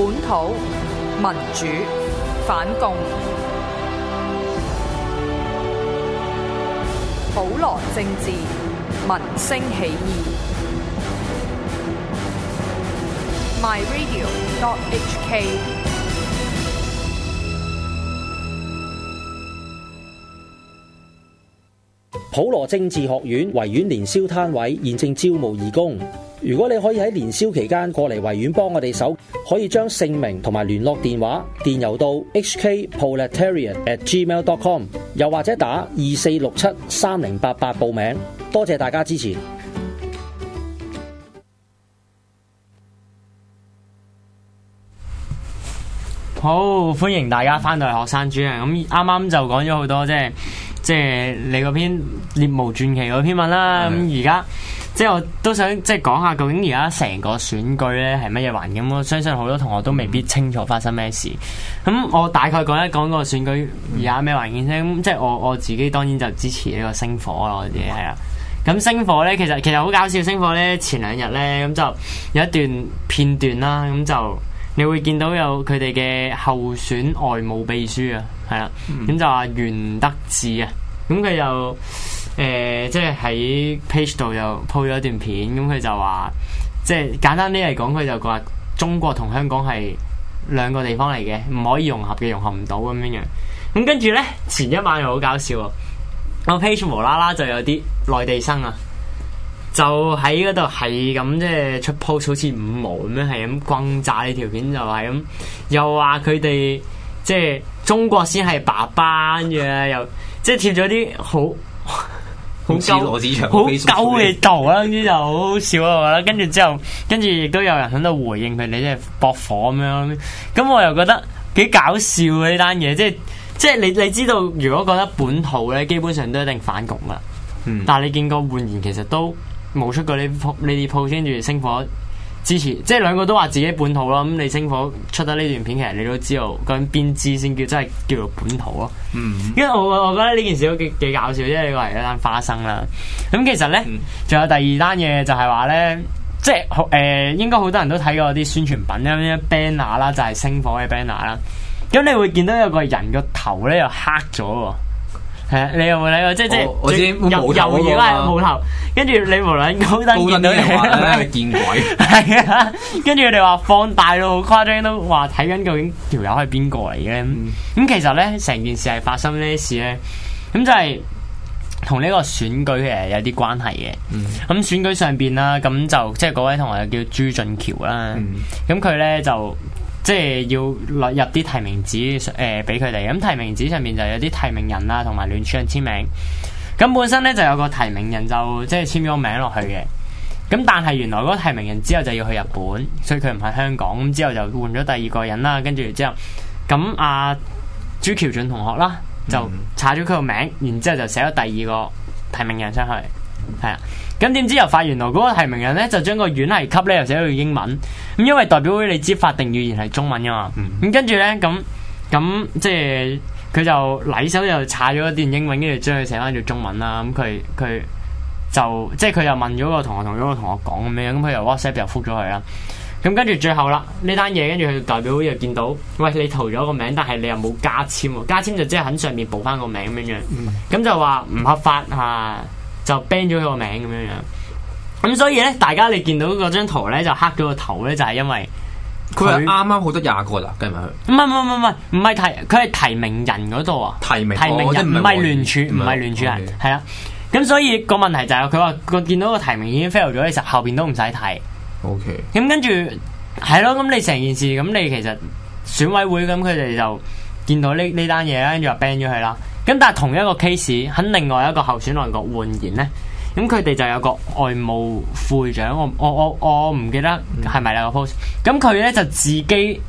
本土民主反共，普羅政治民聲起義。myradio.hk。普羅政治學院維園年宵攤位，現正招募義工。如果你可以喺年宵期間過嚟維園幫我哋手，可以將姓名同埋聯絡電話電郵到 hkpoliterian@gmail.com，又或者打二四六七三零八八報名。多謝大家支持。好，歡迎大家翻到嚟學生主場。咁啱啱就講咗好多，即係即係你嗰篇獵毛傳奇嗰篇文啦。咁而家。即係我都想即係講下究竟而家成個選舉咧係乜嘢環境？我相信好多同學都未必清楚發生咩事。咁我大概講一講嗰個選舉而家咩環境先。即係我我自己當然就支持呢個星火啊嗰啲係啦。咁星火咧其實其實好搞笑，星火咧前兩日咧咁就有一段片段啦。咁就你會見到有佢哋嘅候選外務秘書啊，係啦。咁就話袁德志啊，咁佢又。誒、呃，即係喺 page 度又 po 咗一段片，咁、嗯、佢就話，即係簡單啲嚟講，佢就話中國同香港係兩個地方嚟嘅，唔可以融合嘅，融合唔到咁樣樣。咁跟住咧，前一晚又好搞笑喎、哦，個 page 無啦啦就有啲內地生啊，就喺嗰度係咁，即係出 post 好似五毛咁樣，係咁轟炸呢條片就係咁，又話佢哋即係中國先係爸爸，嘅，又即係貼咗啲好 好鳩羅子祥， 好鳩嘅圖啦，跟住就好好笑啊！我覺得跟住之後，跟住亦都有人喺度回應佢，你即係駁火咁樣。咁我又覺得幾搞笑呢單嘢，即係即係你你知道，如果覺得本土咧，基本上都一定反共啦。嗯，但係你見過換然其實都冇出過呢鋪呢啲鋪，跟住星火。支持，即係兩個都話自己本土啦。咁你星火出得呢段片，其實你都知道，究竟邊支先叫真係叫做本土咯。嗯、mm，hmm. 因為我我覺得呢件事都幾幾搞笑，因為呢個係一單花生啦。咁其實咧，仲、mm hmm. 有第二單嘢，就係話咧，即係好誒，應該好多人都睇過啲宣傳品咁樣 banner 啦，anner, 就係星火嘅 banner 啦。咁你會見到有個人個頭咧又黑咗喎。係 啊，你有冇理過？即係即係，又又拉毛頭，跟住、啊、你無論高登見到高登都有人話見鬼！係 啊，跟住你話放大誇張到好誇張，都話睇緊究竟條友係邊個嚟嘅？咁、嗯、其實咧，成件事係發生呢啲事咧，咁就係同呢個選舉其實有啲關係嘅。咁、嗯、選舉上邊啦，咁就即係嗰位同學叫朱俊橋啦，咁佢咧就。即係要落入啲提名紙誒俾佢哋，咁、呃、提名紙上面就有啲提名人啦，同埋連署人簽名。咁本身咧就有個提名人就即係簽咗名落去嘅。咁但係原來嗰個提名人之後就要去日本，所以佢唔喺香港。咁之後就換咗第二個人啦，跟住之後咁阿、啊、朱橋俊同學啦，就查咗佢個名，然之後就寫咗第二個提名人上去，係啊、嗯。咁點知又發現，原來嗰個提名人咧，就將個院系級咧又寫咗句英文，咁因為代表會你知法定語言係中文噶嘛，咁、嗯、跟住咧咁咁即係佢就禮手又擦咗一段英文，跟住將佢寫翻咗中文啦。咁佢佢就即係佢又問咗個同學，同咗個同學講咁樣？咁佢又 WhatsApp 又覆咗佢啊。咁跟住最後啦，呢單嘢跟住佢代表會又見到，喂，你塗咗個名，但係你又冇加簽，加簽就即係喺上面補翻個名咁樣樣，咁就話唔合法嚇。啊。就 ban 咗佢個名咁樣樣，咁所以咧，大家你見到嗰張圖咧就黑咗個頭咧，就係、是、因為佢係啱啱好多廿個啦，計埋佢。唔係唔唔唔係，唔係提佢係提名人嗰度啊？提名提名人，唔係聯署，唔係聯署人，係啦 okay.。咁所以個問題就係佢話個見到個提名已經 fail 咗嘅時候，後邊都唔使睇。O Okay . K。咁跟住係咯，咁你成件事咁你其實選委會咁佢哋就見到呢呢單嘢咧，跟住就 ban 咗佢啦。咁但係同一個 case 喺另外一個候選內閣換言咧，咁佢哋就有個外務副會長，我我我我唔記得係咪兩個 post。咁佢咧就自己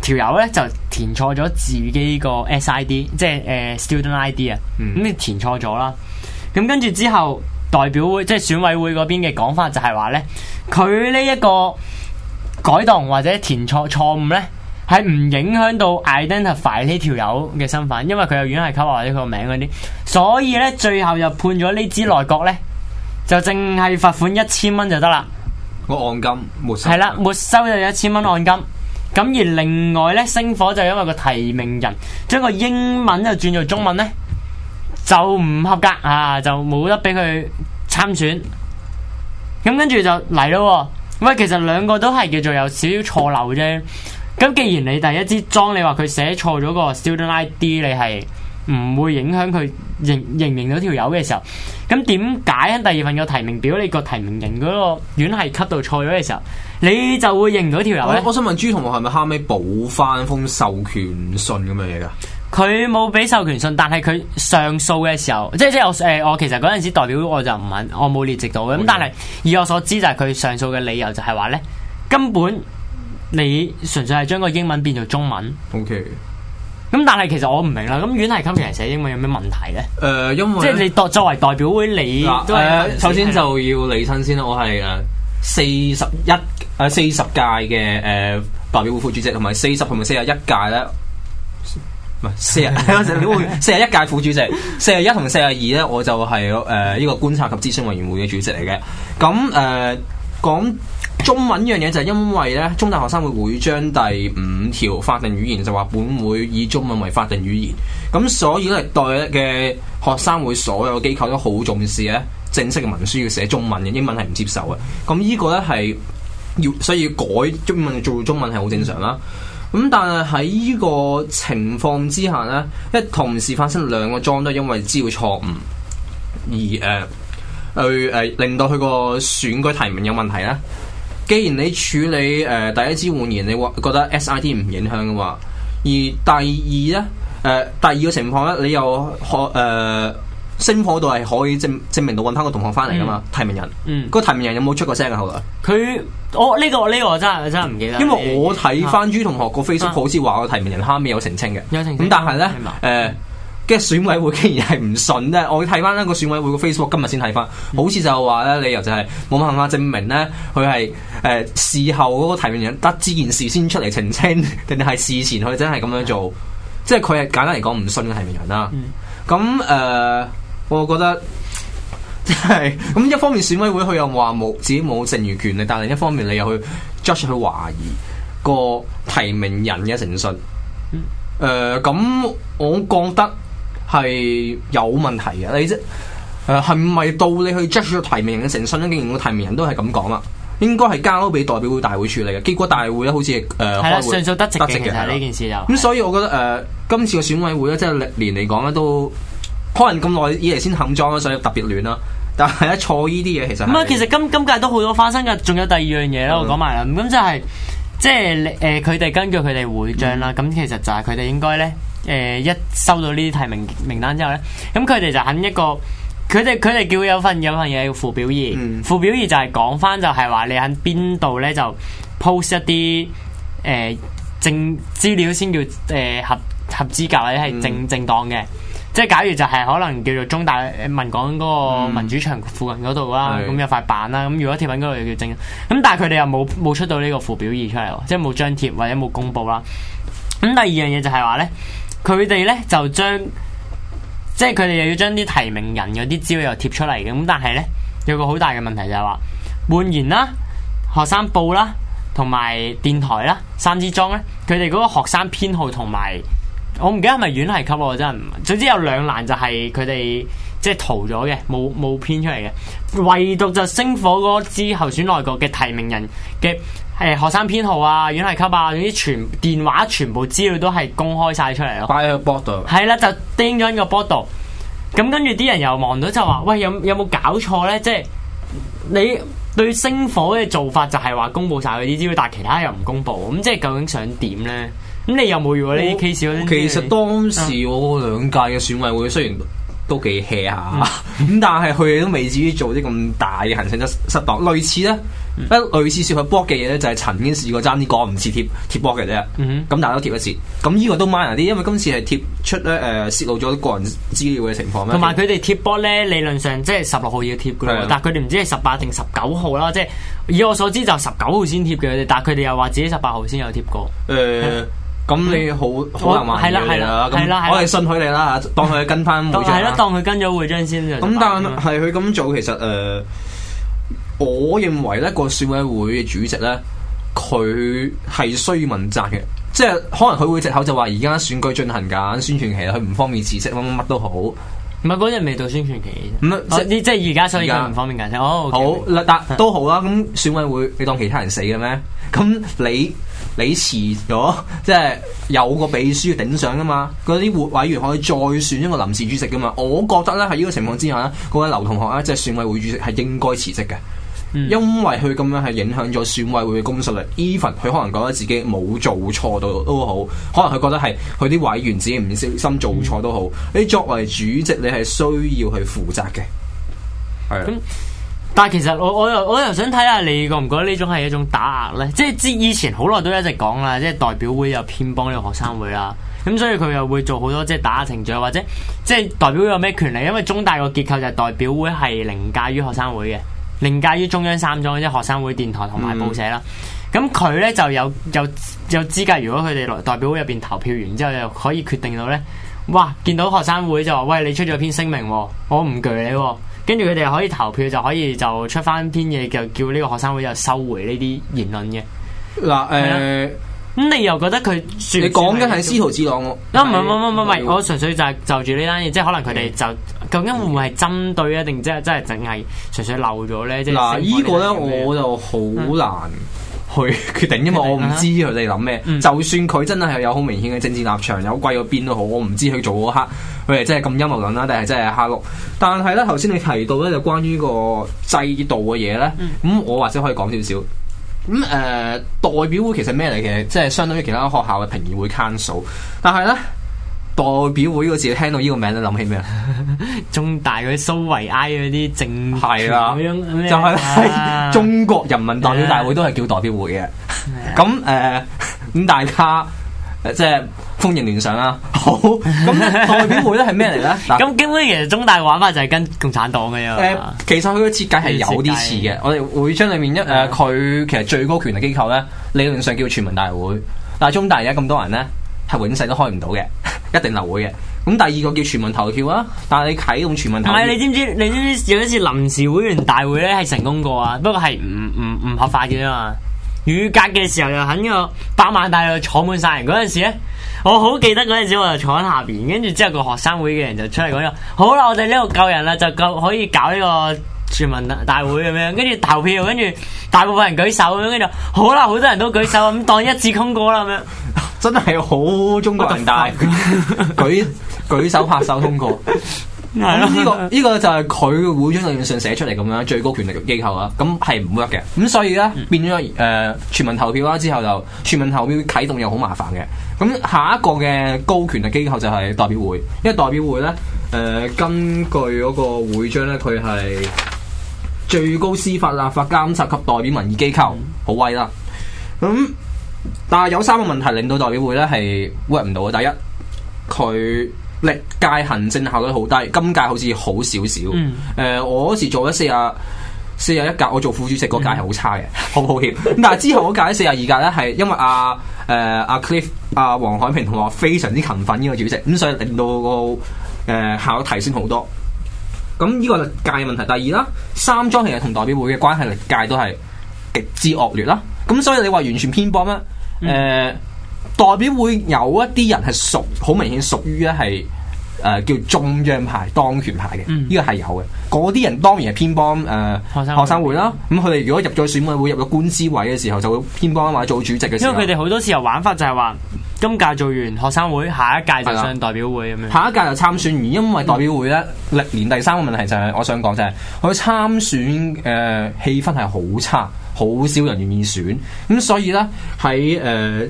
條友咧就填錯咗自己個 SID，即係誒、uh, student ID 啊。咁你填錯咗啦。咁跟住之後代表會即係、就是、選委會嗰邊嘅講法就係話咧，佢呢一個改動或者填錯錯誤咧。係唔影響到 identify 呢條友嘅身份，因為佢又已經係勾畫佢個名嗰啲，所以呢，最後又判咗呢支內閣呢，就淨係罰款一千蚊就得啦。個按金係啦，沒收就一千蚊按金。咁而另外呢，星火就因為個提名人將個英文就轉做中文呢，就唔合格啊，就冇得俾佢參選。咁跟住就嚟咯、哦。喂，其實兩個都係叫做有少少錯漏啫。咁既然你第一支莊你話佢寫錯咗個 student ID，你係唔會影響佢認認唔認到條友嘅時候，咁點解喺第二份嘅提名表你個提名人嗰個院系級度錯咗嘅時候，你就會認到條友咧？我想問朱同學係咪後尾補翻封授權信咁嘅嘢㗎？佢冇俾授權信，但係佢上訴嘅時候，即即我誒、呃，我其實嗰陣時代表我就唔肯，我冇列席到嘅。咁但係以我所知就係佢上訴嘅理由就係話咧根本。你純粹係將個英文變做中文。O K。咁但係其實我唔明啦。咁院系今期係寫英文有咩問題咧？誒，因為即係你作為代表會理。誒，首先就要理親先啦。我係誒四十一誒四十屆嘅誒代表會副主席，同埋四十同埋四十一屆咧，唔係四十一代表會四十一屆副主席，四十一同四十二咧，我就係誒呢個觀察及諮詢委員會嘅主席嚟嘅。咁誒講。中文一樣嘢就係因為咧，中大學生會會將第五條法定語言就話本會以中文為法定語言，咁所以咧，代嘅學生會所有機構都好重視咧，正式嘅文書要寫中文嘅，英文係唔接受嘅。咁呢個咧，係要所以要改中文做中文係好正常啦。咁但係喺呢個情況之下呢，因為同時發生兩個莊都係因為字誤錯誤而誒，去、呃、誒、呃、令到佢個選舉提名有問題啦。既然你處理誒、呃、第一支換言，你話覺得 SIT 唔影響嘅話？而第二咧，誒、呃、第二個情況咧，你又有誒升破到係可以證證明到揾翻個同學翻嚟噶嘛？提、嗯、名人，嗯，個提名人有冇出過聲、哦這個聲啊？後來佢，我呢個呢個真係真係唔記得。因為我睇翻朱同學個 Facebook 好似話、啊、個提名人後面有澄清嘅，有澄清。咁但係咧，誒、嗯。呃跟住選委會竟然係唔信咧，我睇翻咧個選委會個 Facebook，今日先睇翻，好似就話咧理由就係冇辦法證明咧佢係誒事後嗰個提名人得知件事先出嚟澄清，定定係事前佢真係咁樣做，即係佢係簡單嚟講唔信個提名人啦。咁誒、嗯呃，我覺得即係咁一方面選委會佢又話冇自己冇證據權力，但係另一方面你又去 judge 去懷疑個提名人嘅誠信。誒、呃、咁，我覺得。係有問題嘅，你即係係唔係到你去 judge 個提名嘅誠信？竟然個提名人都係咁講啦，應該係交俾代表會大會處理嘅。結果大會咧，好似誒係啦，的上訴得直嘅，其實呢件事就咁、是嗯。所以我覺得誒、呃，今次個選委會咧，即係歷年嚟講咧，都可能咁耐以嚟先冚莊，所以特別亂啦。但係一錯呢啲嘢其實唔係、嗯。其實今今屆都好多花生嘅，仲有第二樣嘢咧，嗯、我講埋啦。咁就係、是、即係誒，佢、呃、哋根據佢哋會章啦，咁、嗯、其實就係佢哋應該咧。誒、呃，一收到呢啲提名名單之後咧，咁佢哋就肯一個，佢哋佢哋叫有份有份嘢，叫附表二，附、嗯、表二就係講翻就係話你喺邊度咧就 post 一啲誒、呃、證資料先叫誒合合資格或者係正正，正當嘅，即係假如就係可能叫做中大文港嗰個民主牆附近嗰度啦，咁、嗯、有塊板啦，咁是如果貼喺嗰度就叫正，咁但係佢哋又冇冇出到呢個附表二出嚟，即係冇張貼或者冇公布啦。咁第二樣嘢就係話咧。佢哋咧就將，即係佢哋又要將啲提名人嗰啲資料又貼出嚟嘅，咁但係咧有個好大嘅問題就係話，換言啦、學生報啦、同埋電台啦三支莊咧，佢哋嗰個學生編號同埋我唔記得係咪院系給我啫，總之有兩欄就係佢哋即係逃咗嘅，冇冇編出嚟嘅，唯獨就星火嗰支候選內閣嘅提名人嘅。係學生編號啊，院系級啊，總之全電話全部資料都係公開晒出嚟咯。擺喺個 blog 度。係啦，就釘咗喺個 blog 度。咁跟住啲人又望到，就話：喂，有有冇搞錯咧？即係你對星火嘅做法就係話公佈晒嗰啲資料，但係其他人又唔公佈。咁即係究竟想點咧？咁你有冇我？如果啲 case 其實當時我兩屆嘅選委會雖然。都幾 hea 下、啊，咁、嗯、但係佢哋都未至於做啲咁大嘅行程失失當。類似咧，不、嗯、類似說佢波嘅嘢咧，就係曾經試過爭啲過唔切貼貼波嘅啫。咁、嗯嗯、大家都貼一次，咁呢個都 minor 啲，因為今次係貼出咧誒，泄、呃、露咗個人資料嘅情況。同埋佢哋貼波 l 咧，理論上即係十六號要貼噶，嗯、但係佢哋唔知係十八定十九號啦。即係以我所知就十九號先貼嘅，佢哋，但係佢哋又話自己十八號先有貼過。誒、嗯。呃咁你好，好難話嘅係啦，係啦，我哋信佢哋啦，當佢跟翻會章啦，當佢跟咗會章先就咁。但係佢咁做，其實誒，我認為咧個選委會嘅主席咧，佢係衰問責嘅，即係可能佢會借口就話而家選舉進行緊，宣傳期，佢唔方便辭職，乜乜都好。唔係嗰陣未到宣傳期，唔係即係而家所以而家唔方便講先。好，好，都好啦。咁選委會，你當其他人死嘅咩？咁你？你辭咗，即係有個秘書頂上噶嘛？嗰啲委員可以再選一個臨時主席噶嘛？我覺得咧，喺呢個情況之下咧，嗰位劉同學咧，即係選委會主席係應該辭職嘅，嗯、因為佢咁樣係影響咗選委會嘅公信力。Even 佢可能覺得自己冇做錯到都好，可能佢覺得係佢啲委員自己唔小心做錯都好。你、嗯、作為主席，你係需要去負責嘅。係、嗯。的但其實我我又我又想睇下你覺唔覺得呢種係一種打壓呢？即係之以前好耐都一直講啦，即係代,代表會又偏幫呢個學生會啦。咁所以佢又會做好多即係打壓程序，或者即係代表會有咩權利？因為中大個結構就係代表會係凌駕於學生會嘅，凌駕於中央三莊，即係學生會電台同埋報社啦。咁佢、嗯、呢就有有有資格，如果佢哋代表會入邊投票完之後，就可以決定到呢。哇！見到學生會就話：喂，你出咗篇聲明喎，我唔懼你喎。跟住佢哋可以投票，就可以就出翻篇嘢，就叫呢個學生會就收回呢啲言論嘅。嗱、呃，誒吧，咁你又覺得佢？你講緊係司徒之朗？啊，唔唔唔唔唔，我純粹就就住呢單嘢，即係可能佢哋就究竟會唔會係針對啊？定即係即係淨係純粹漏咗咧？嗱、呃，即係呢個咧麼我就好難、嗯。去決定，因為我唔知佢哋諗咩。就算佢真係係有好明顯嘅政治立場，嗯、有歸邊都好，我唔知佢做嗰刻佢係真係咁陰謀論啦，定係真係下落。但係咧，頭先你提到咧就關於個制度嘅嘢咧，咁、嗯、我或者可以講少少。咁誒、嗯呃，代表會其實咩嚟嘅？即係相當於其他學校嘅評議會 council 但係咧。代表會呢個字，聽到呢個名你諗起咩 啊？中大嗰啲蘇維埃嗰啲政權咁樣，就係啦。中國人民代表大會都係叫代表會嘅。咁誒麼，咁、呃、大家即係風雲聯想啦。 好，咁代表會咧係咩嚟？咧咁 基本其實中大玩法就係跟共產黨嘅樣。誒、呃，其實佢嘅設計係有啲似嘅。我哋會章裏面一誒，佢、呃、其實最高權力機構咧，理論上叫全民大會。但係中大而家咁多人咧。係永世都開唔到嘅， 一定流會嘅。咁第二個叫全民投票啊，但係你睇咁全民投唔係你知唔知？你知唔知,知,知有一次臨時會員大會咧係成功過啊？不過係唔唔唔合法嘅吖嘛。雨隔嘅時候又喺個百萬大道坐滿晒人嗰陣時咧，我好記得嗰陣時我就坐喺下邊，跟住之後個學生會嘅人就出嚟講咗：好啦，我哋呢度救人啦，就夠可以搞呢個。全民大會咁樣，跟住投票，跟住大部分人舉手咁，跟住好啦，好多人都舉手咁， 當一致通過啦咁樣。真係好中國人大， 舉舉手拍手通過。係咯，呢個呢、呢個就係佢會章上面寫出嚟咁樣最高權力機構啦，咁係唔 work 嘅。咁所以咧變咗誒全民投票啦，之後就全民投票啟動又好麻煩嘅。咁下一個嘅高權力機構就係代表會，因為代表會咧誒、呃、根據嗰個會章咧，佢係，最高司法立法監察及代表民意機構，好威啦，咁、嗯、但係有三個問題，令到代表會咧係 work 唔到。第一，佢歷屆行政效率好低，今屆好似好少少。誒、嗯呃，我嗰時做咗四十四十一屆，我做副主席嗰屆係好差嘅，好抱歉。但係之後嗰屆四十二屆咧，係因為阿誒阿 Cliff 阿、啊、黃海平同學非常之勤奮呢個主席，咁、嗯、所以令到、嗰個誒效率提升好多。咁呢個界嘅問題，第二啦，三莊其實同代表會嘅關係嚟界都係極之惡劣啦。咁所以你話完全偏幫咩？誒，代表會有一啲人係屬好明顯屬於咧係誒叫中央派當權派嘅，呢個係有嘅。嗰啲人當然係偏幫誒、呃、學生會啦。咁佢哋如果入咗選委會入咗官司位嘅時候，就會偏幫或者做主席嘅時候。因為佢哋好多時候玩法就係話。今屆做完學生會，下一屆就上代表會咁吧樣，下一屆就參選。而因為代表會咧，歷年第三個問題就係、是，我想講就係、是，佢參選誒氣、呃、氛係好差，好少人願意選。咁所以呢，喺誒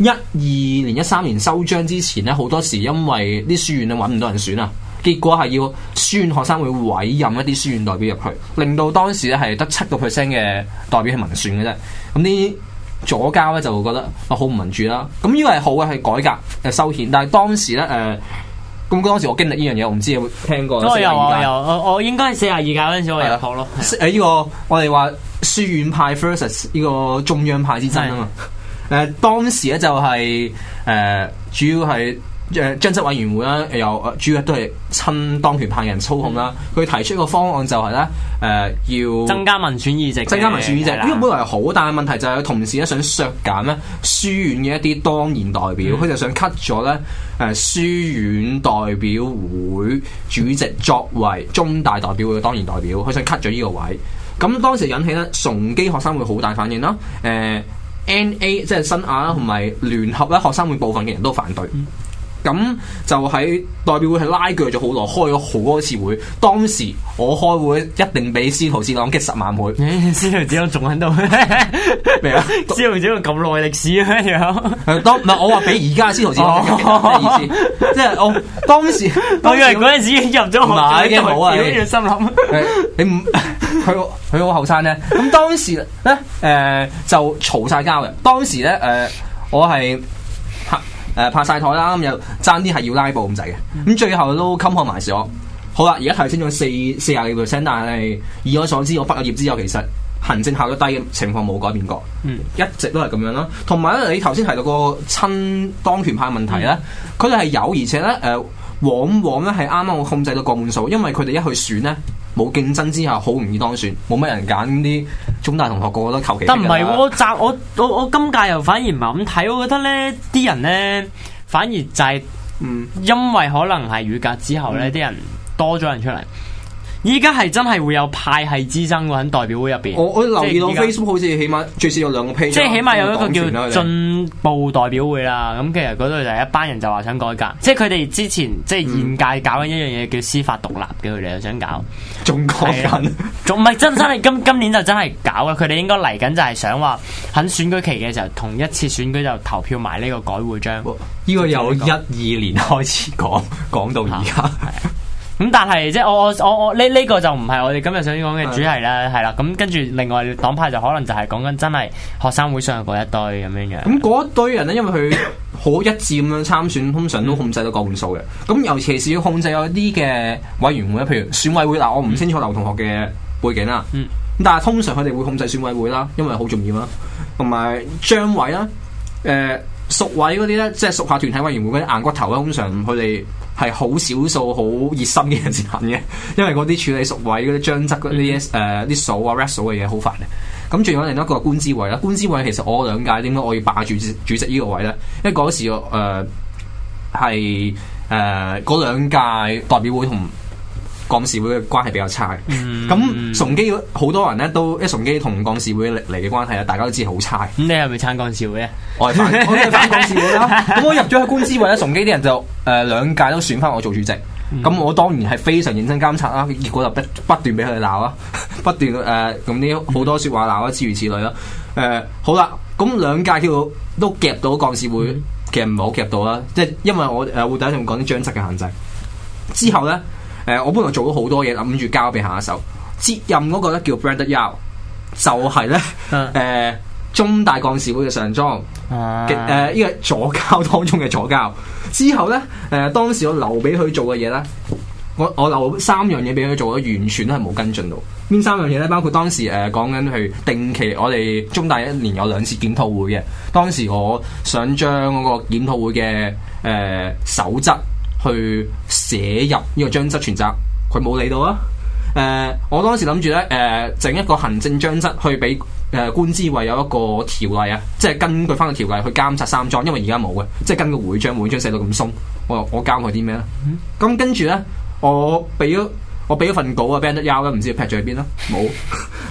一二年一三年收章之前呢，好多時因為啲書院揾唔到人選啊，結果係要書院學生會委任一啲書院代表入去，令到當時咧係得七個 percent 嘅代表係民選嘅啫。咁呢？左膠咧就覺得啊好唔民主啦，咁呢個係好嘅係改革誒修憲，但係當時咧誒，咁、呃、當時我經歷呢樣嘢，我唔知有冇聽過。都、嗯、有我我應該係四廿二屆嗰陣時我學咯。誒呢個我哋話書院派 versus 呢個中央派之爭、嗯、啊嘛。誒當時咧就係、是、誒、啊、主要係。誒、呃，張執委員會啦，又主要都係親當權派人操控啦。佢、嗯、提出一個方案就係、是、咧，誒、呃，要增加民選議席，增加民選議席。呢個的本來係好，大嘅問題就係佢同時咧想削減咧，書院嘅一啲當然代表，佢、嗯、就想 cut 咗咧誒書院代表會主席作為中大代表會嘅當然代表，佢想 cut 咗呢個位。咁當時引起咧，崇基學生會好大反應啦。誒、呃、NA 即係新亞啦，同埋聯合啦，學生會部分嘅人都反對。嗯。咁就喺代表會係拉鋸咗好耐，開咗好多次會。當時我開會一定畀司徒志朗激十萬倍，欸。司徒志朗仲喺度咩啊？ 司徒志朗咁耐歷史咁樣，當唔係我話畀而家司徒志朗意思，即係我當時，當時 當時我以為嗰陣時入咗行已經好啊，心諗，欸，你唔佢佢好後生咧。咁當時咧誒、呃、就嘈晒交嘅。當時咧誒、呃呃、我係。誒，拍晒台啦，咁又爭啲係要拉布咁滯嘅，咁、嗯嗯、最後都勘破埋咗。好啦，而家頭先仲四四廿幾 percent，但係以我所知，我畢咗業之後，其實行政效率低嘅情況冇改變過，嗯、一直都係咁樣啦。同埋咧，你頭先提到個親當權派問題咧，佢哋係有，而且咧，誒、呃，往往咧係啱啱控制到過半數，因為佢哋一去選咧。冇競爭之下，好容易當選，冇乜人揀啲中大同學，個個都求其。但唔係，我我我今屆又反而唔係咁睇，我覺得咧啲人咧反而就係，因為可能係雨革之後咧，啲、嗯、人多咗人出嚟。依家係真係會有派係之爭喎，喺代表會入邊。我我留意到 Facebook 好似起碼最少有兩個 page，即係起碼有一個叫進、啊、們步代表會啦。咁其實嗰度就係一班人就話想改革，即係佢哋之前即係現屆搞緊一樣嘢、嗯、叫司法獨立嘅，佢哋又想搞。仲改革？仲唔係真真係今 今年就真係搞嘅？佢哋應該嚟緊就係想話喺選舉期嘅時候，同一次選舉就投票埋呢個改會章。呢、哦這個由一二年開始講，講到而家。咁、嗯、但係即係我我我我呢呢個就唔係我哋今日想講嘅主題啦，係啦是的。咁跟住另外黨派就可能就係講緊真係學生會上嗰一堆咁樣嘅、嗯。咁嗰一堆人咧，因為佢好一致咁樣參選，通常都控制到個半數嘅。咁、嗯、尤其是要控制一啲嘅委員會，譬如選委會嗱，我唔清楚劉同學嘅背景啦。咁、嗯、但係通常佢哋會控制選委會啦，因為好重要啦。同埋張委啦，誒、呃，屬委嗰啲咧，即係屬下團體委員會嗰啲硬骨頭咧，通常佢哋。係好少數好熱心嘅人先肯嘅，因為嗰啲處理熟位嗰啲張則嗰啲，誒啲數啊 rest 數嘅嘢好煩嘅。咁仲有另一個官之位啦，官之位其實我兩屆點解我要霸住主，主席呢個位咧？因為嗰時誒係誒嗰兩屆代表會同。幹事會嘅關係比較差，咁、嗯、崇基好多人咧都，一崇基同幹事會嚟嘅關係啊，大家都知好差。咁、嗯、你係咪撐幹事會啊？我係，我係反幹事會啦。咁我入咗去官司，或者崇基啲人就誒兩屆都選翻我做主席，咁、嗯、我當然係非常認真監察啦。結果就不斷俾佢哋鬧啦，不斷誒咁啲好多說話鬧啦，諸如此類咯。誒、呃、好啦，咁兩屆佢都夾到幹事會，嗯、其實唔係好夾到啦，即係因為我誒會、呃、第一度講啲章程嘅限制之後咧。誒、呃，我本來做咗好多嘢，諗住交俾下一手，接任嗰個咧叫 Brandt y o 就係咧誒中大幹事會嘅上莊，誒呢個左膠當中嘅左膠之後咧，誒、呃、當時我留俾佢做嘅嘢咧，我我留三樣嘢俾佢做，我完全都係冇跟進到。邊三樣嘢咧？包括當時誒講緊去定期，我哋中大一年有兩次檢討會嘅，當時我想將嗰個檢討會嘅誒守則。呃去寫入呢個章則全責，佢冇理到啊！誒、呃，我當時諗住咧，誒、呃、整一個行政章則去俾誒、呃、官志慧有一個條例啊，即係根據翻個條例去監察三莊，因為而家冇嘅，即係根據會章、會章寫到咁鬆，我我監佢啲咩咧？咁跟住咧，我俾咗、嗯、我俾咗份稿 Band ow, 啊，病得休啦，唔知劈咗去邊啦，冇。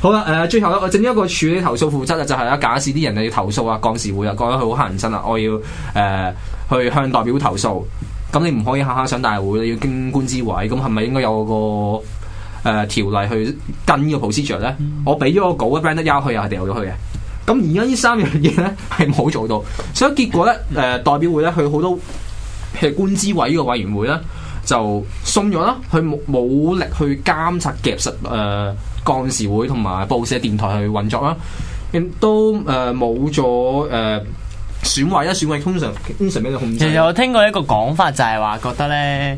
好啦，誒最後咧，我整一個處理投訴負責啊，就係啊假使啲人啊要投訴啊，幹事會啊覺得佢好黑人憎啊，我要誒、呃、去向代表投訴。投訴投訴咁你唔可以下下上大會，你要經官資委，咁係咪應該有個誒、呃、條例去跟個呢個 procedure 咧？嗯、我俾咗個稿俾 Ben 得去，又掉咗去嘅。咁而家呢三樣嘢咧係冇做到，所以結果咧誒、呃、代表會咧，佢好多譬如官資委呢個委員會咧，就鬆咗啦，佢冇力去監察夾實誒幹事會同埋報社電台去運作啦，亦都誒冇咗誒。呃選委一選委，通常通常俾佢控制。其實我聽過一個講法，就係話覺得咧，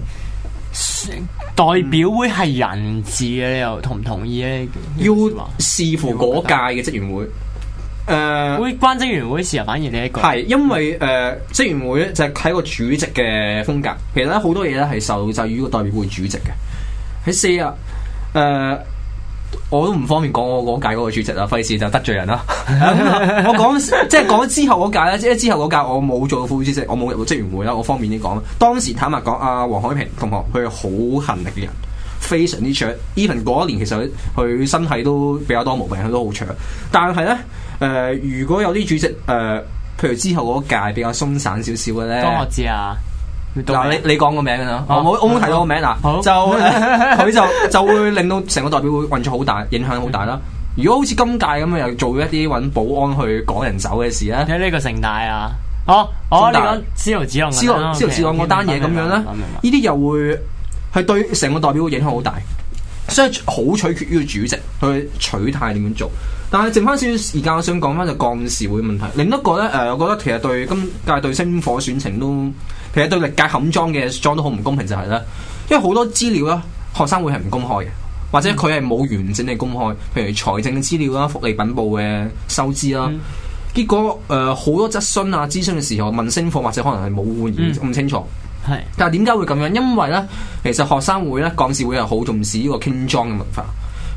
選代表會係人治嘅，你又同唔同意咧？要視乎嗰屆嘅職員會。誒，呃、會關職員會事，反而你一個係因為誒職、呃、員會就係睇個主席嘅風格，其實好多嘢咧係受制於個代表會主席嘅。喺四日誒。呃我都唔方便講我嗰屆嗰個主席啊，費事就得罪人啦。 我講，即係講之後嗰屆啦，即係之後嗰屆我冇做副主席，我冇入到職員會啦，我方便啲講。當時坦白講，啊，黃海平同學佢係好勤力嘅人，非常之長。Even 嗰一年其實佢身體都比較多毛病，佢都好長。但係咧，誒、呃，如果有啲主席誒、呃，譬如之後嗰屆比較鬆散少少嘅咧，我知啊。嗱，你你講個名啦，我我冇提到個名，嗱，就佢就就會令到成個代表會運作好大影響，好大啦。如果好似今屆咁樣，又做一啲搵保安去趕人走嘅事咧，睇呢個城大啊。哦哦，你講由子昂，自由子昂嗰單嘢咁樣咧，呢啲又會係對成個代表會影響好大，所以好取決於主席去取態點樣做。但係剩翻少少時間，我想講翻就幹事會嘅問題。另一個咧，誒，我覺得其實對今屆對星火選情都。其實對歷屆冚莊嘅莊都好唔公平就係啦，因為好多資料啦，學生會係唔公開嘅，或者佢係冇完整嘅公開，譬如財政資料啦、福利品部嘅收支啦。嗯、結果誒好、呃、多質詢啊、諮詢嘅時候，問聲課或者可能係冇唔清楚。嗯、但係點解會咁樣？因為呢，其實學生會咧、幹事會又好重視呢個傾莊嘅文化。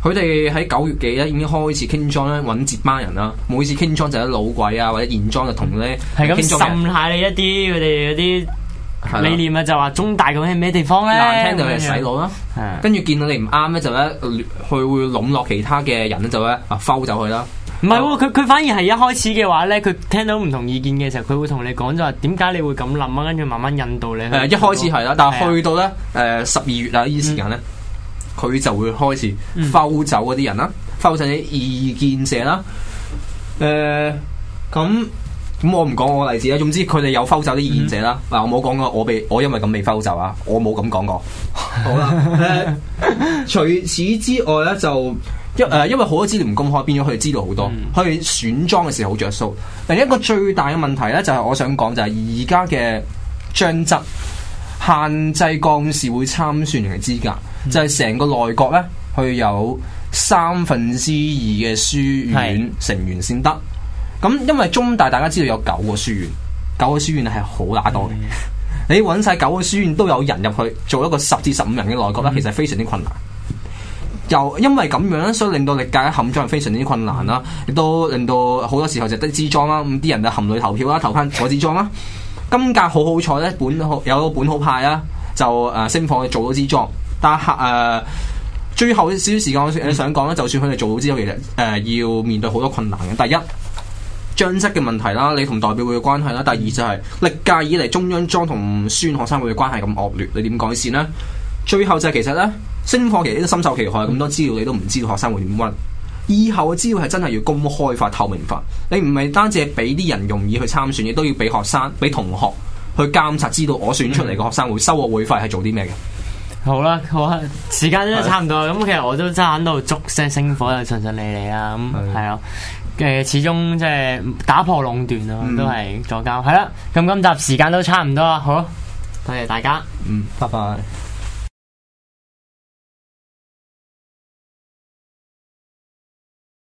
佢哋喺九月幾咧已經開始傾莊咧，揾接班人啦。每次傾莊就係老鬼啊，或者現莊就同咧傾咁滲下你一啲佢哋嗰啲理念啊，就話中大咁喺咩地方咧？難聽就係洗腦啦，樣跟住見到你唔啱咧，就咧佢會籠絡其他嘅人咧，就咧啊，浮走佢啦。唔係喎，佢佢反而係一開始嘅話咧，佢聽到唔同意見嘅時候，佢會同你講就話，點解你會咁諗啊？跟住慢慢引導你。誒，一開始係啦，但係去到咧誒十二月啦呢啲時間咧，佢、嗯、就會開始浮走嗰啲人啦，浮走啲意見者啦。誒、呃，咁。嗯嗯咁、嗯、我唔講我例子啦，總之佢哋有收集啲意見者啦。嗱、嗯，我冇講過我被我因為咁未收集啊，我冇咁講過。好啦吧， 除此之外咧，就因誒、呃，因為好多資料唔公開，變咗佢哋知道好多，佢哋、嗯、選莊嘅時候好着數。另一個最大嘅問題咧，就係、是、我想講就係而家嘅章則限制幹事會參選人嘅資格，嗯、就係成個內閣咧，佢有三分之二嘅書院成員先得。嗯咁、嗯、因為中大大家知道有九個書院，九個書院係好打多嘅。嗯、 你揾晒九個書院都有人入去做一個十至十五人嘅內閣啦，嗯、其實非常之困難。又因為咁樣，所以令到歷屆嘅含莊係非常之困難啦，亦都令到好多時候就得支莊啦。咁啲人就含淚投票啦，投翻我支莊啦。嗯、今屆好好彩呢，本好有本好派啦，就誒、呃、升放做咗支莊，但係誒、呃、最後少少時間我想講咧，就算佢哋做到支莊，其實誒要面對好多困難嘅。第一。第一第一賬積嘅問題啦，你同代表會嘅關係啦。第二就係歷屆以嚟中央莊同選學生會嘅關係咁惡劣，你點改善呢？最後就係其實呢，星火其實都深受其害。咁多資料你都唔知道學生會點溫，以後嘅資料係真係要公開化、透明化，你唔係單止俾啲人容易去參選，亦都要俾學生、俾同學去監察，知道我選出嚟嘅學生會、嗯、收我會費係做啲咩嘅。好啦，好啦，時間都差唔多，咁、啊、其實我都真係喺度祝聲星火就順順利利啊，咁係咯。誒，始終即係打破壟斷咯，嗯、都係助交係啦。咁、嗯、今集時間都差唔多啦，好，多謝大家。嗯，拜拜。